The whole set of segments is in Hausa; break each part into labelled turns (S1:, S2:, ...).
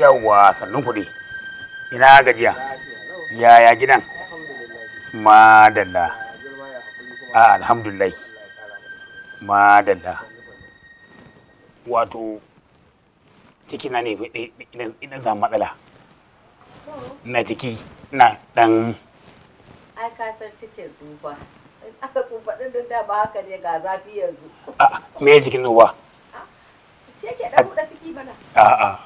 S1: Yawwa sannan kuɗi. Ina gajiya. Yaya gidan? Madalla. A alhamdulillah. Madalla. Wato cikina ne idan eh, eh, eh, za matsala. Na ciki na ɗan.
S2: Ai kasar cikin tsufa. Aka tsufa ɗin da ba haka ne ga
S1: zafi yanzu. A me cikin tsufa? A'a,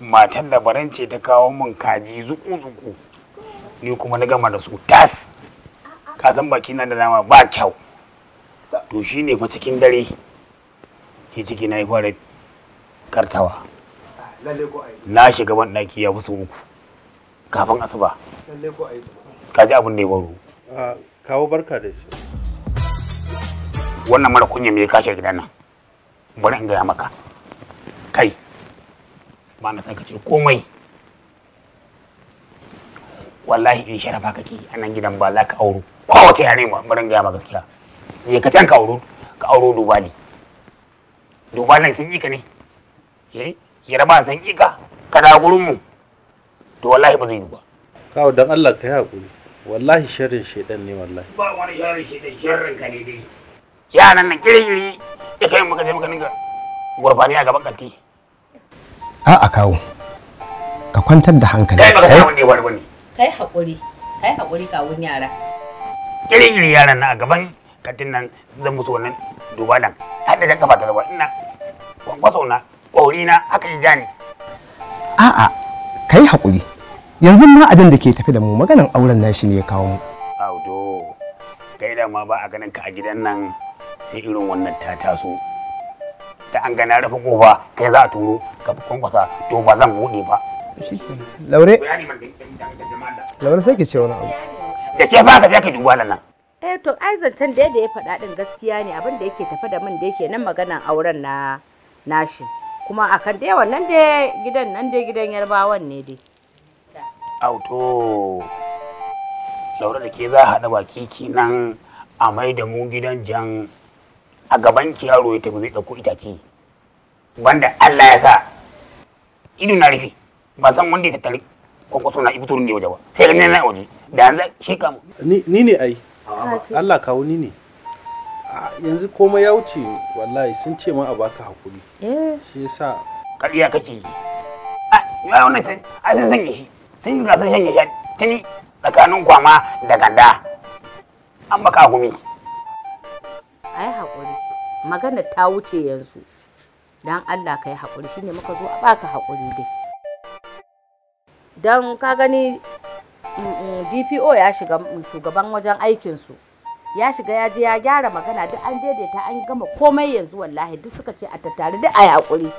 S1: matan labaran ce ta kawo min kaji zuku-zuku. Ni kuma na gama da su tas. Ka san baki na da nama ba kyau. To shi ne fa cikin dare. Ki ciki na yi fara kartawa. Na shiga ban ɗaki ya fi uku. Kafin asuba. Ka ji abin da ya baro.
S2: Kawo barka da shi.
S1: Wannan mara kunya me ya kashe gidan nan. Bari in gaya maka. kai ba na san ka ce komai wallahi in sharafa kake a nan gidan ba za ka auro kowace yare ma barin gaya ma gaskiya je ka can ka auro ka auro duba ne duba nan sun ika ne eh, yaraba san ika ka da gurin mu to wallahi ba zai yi ba kawo dan Allah ka yi hakuri wallahi sharrin shedan ne wallahi ba wani sharrin shedan sharrin ka ne dai yaran nan kiri ya kai maka sai maka ninka gurbani a gaban kanti a'a kawo ka kwantar da hankali kai ba ka eh? samu ne wani wani kai hakuri kai hakuri kawun yara kiri-kiri yaran na a gaban kanti nan zan musu wannan nan. hada da kafa talaba ina kwankwaso na ƙori na haka yi jani a'a kai hakuri yanzu ma abin da ke tafi da mu maganan auren nashi ne ya kawo mu audo kai da ma ba a ganin ka a gidan nan sai irin wannan ta taso da an gana rufe kofa kai za a turo ka kwankwasa to ba zan buɗe ba laure laure sai ki ce wani abu da ke ba ka je ka duba nan eh to ai zancen da ya faɗa din gaskiya ne
S2: abin da yake tafi da min da yake nan maganan auren na nashi kuma akan yawan nan dai gidan nan dai gidan yarbawan ne dai
S1: auto laure da ke za a haɗa baki kenan a mai da mu gidan jan a gaban ki yaro ya tafi zai ɗauko itace banda Allah ya sa ido na rufe ba san wanda ya tattare kwankwaso na fito ne waje ba sai ganin na waje da yanzu shi kam
S2: ni ne ai Allah kawo ni ne yanzu komai ya wuce wallahi sun ce ma a baka hakuri eh. shi yasa kariya kake
S1: a ya wannan sai a sun sanya shi sun ga sun sanya shi tuni tsakanin kwama da ganda an baka hakuri
S2: haƙuri magana ta wuce yanzu don Allah ka yi haƙuri shine muka zo a baka haƙuri dai don ka gani DPO mm, mm, ya shiga mm, shugaban wajen aikinsu ya shiga ya je ya gyara magana duk an daidaita an gama komai yanzu wallahi duk suka ce a tattare duk a yi haƙuri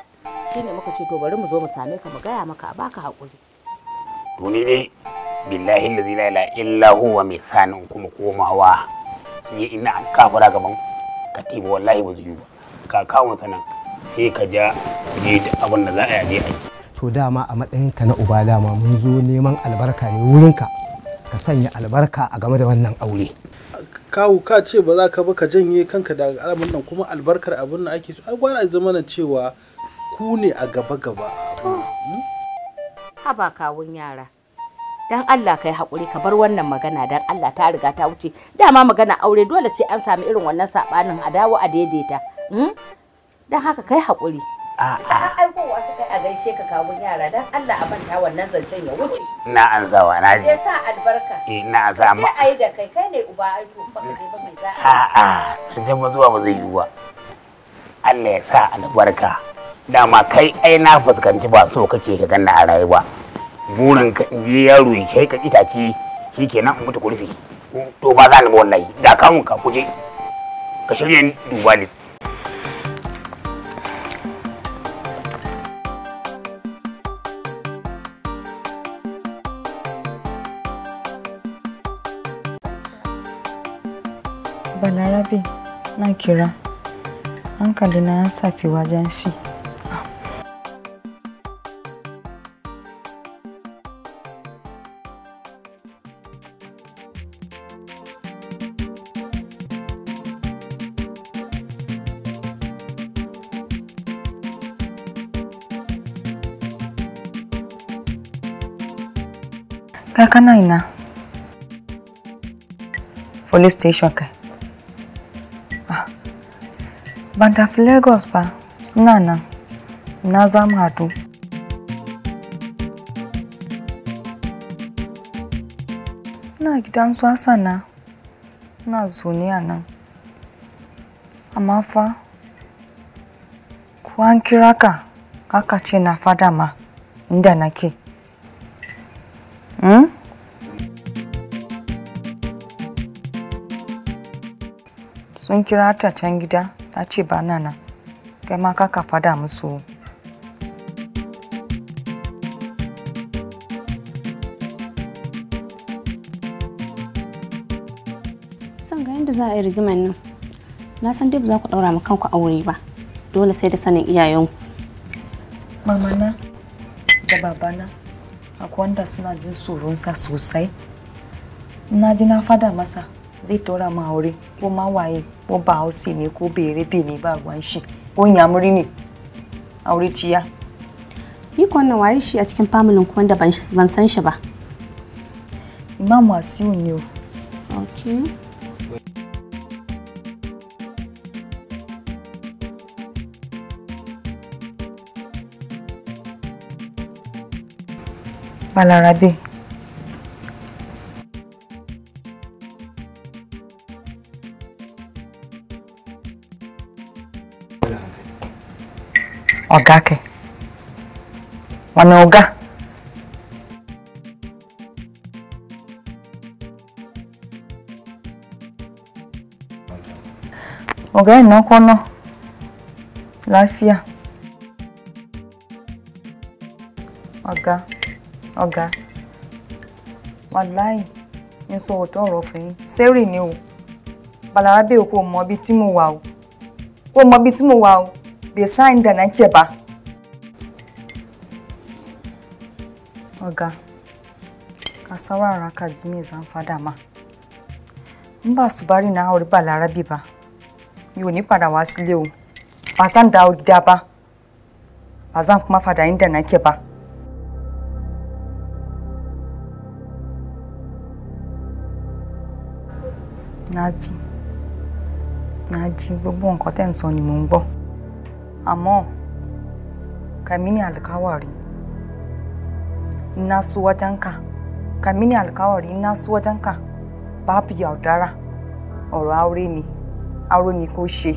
S2: shine muka ce to bari mu zo mu same ka mu gaya maka a baka haƙuri
S1: to ni dai billahi la ilaha illa huwa mai sanin kuma komawa ni ina kafura gaban ka wallahi ba zai ba ka kawo sana sai ka ja je da abin da za a yaje a yi
S2: to dama a matsayin ka na uba dama mun zo neman albarka ne wurinka ka sanya albarka a game da wannan aure kawu ka ce ba za ka ba ka janye kanka daga alamun nan kuma albarkar abin nan ake so ai gwara zama na cewa ku ne a gaba gaba hmm? haba kawun yara dan Allah kai hakuri ka bar wannan magana dan Allah ta riga ta wuce dama magana aure dole sai an sami irin wannan sabanin a dawo a daidaita hmm? dan haka kai hakuri. a'a aikowa kai a gaishe ka kawun yara dan Allah a manta wannan zancen ya wuce
S1: na an zawa na ji
S2: sa albarka
S1: eh na za mu
S2: ai da kai kai ne uba aiko ba kai ba mai za a'a
S1: zancen mu zuwa ba zai yi ba Allah ya sa albarka dama kai ai na fuskanci ba so kake ka na a rayuwa burin ka in je yaro ya kai ka itace shi kenan in mutu ku rufe to ba za ni ba wallahi da ka mun ka kuje ka shirye ni duba ni
S2: Balarabe na kira hankali na ya safi wajen si. Kalkana ina. Police station ka. Ah. Banta Lagos ba. Nana. Na za mu hadu. Ina gidan su Hassana. Ina zuniya nan. Amma fa ko ka kaka ce na fada ma inda nake. Sun kira ta can gida, ta ce ba nan. Kai ma ka ka fada musu. Son ga yadda za a yi rigimar nan. Na san dai ba za
S1: ku ɗaura ma kanku aure ba. Dole sai da sanin iyayenku.
S2: Mamana da babana. akwanda suna jin sa sosai na ji na fada masa zai tora ma aure ko ma waye ko ba hausa ne ko bere ne ba ruwan shi ko yamuri ne aure ciya ni ko wannan waye shi a cikin familin ku wanda ban san shi ba imam wasu ne okay Palara Bay. Ọ̀gá kẹ̀. Ọ̀nà ọ̀gá. Ọ̀gá ìnákọ́ná. Láfíà. Ọ̀gá. Okay ọ̀gá wàláì ń sọ òótọ́ ọ̀rọ̀ fún yín sẹ́rì ni o balarabe kò mọ ibi tí mo wà o kò mọ ibi tí mo wà o behind dànà kẹba. ọ̀gá kasawa araka jimmy zanfadama ń bá subari náà orí balarabe bá mi ò ní padà wá sílé o bazan da o daba bazan kuma fada yin dànà kẹba. Naji Naji gbogbo nǹkan tẹ́ ń sọ ni mò ń gbọ́ àmọ́ Kamini Alkawari ina suwajanka Kamini Alkawari ina suwajanka báàbí ọ̀dára ọ̀rọ̀ aure ni aure ni kò ṣe.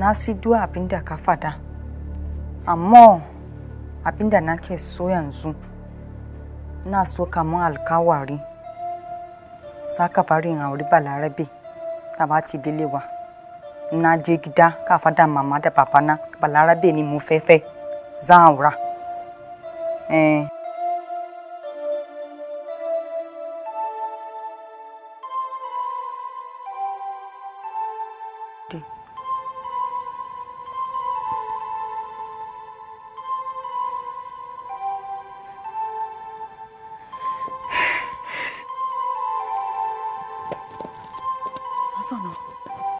S2: Nasi dua abinda kafada àmọ́. abinda nake so yanzu na so kamun alkawari saka barin auri balarabe ta ba ti dilewa na je gida ka fada mama da papa na balarabe ni mo fefe fẹ́ aura eh Thank you.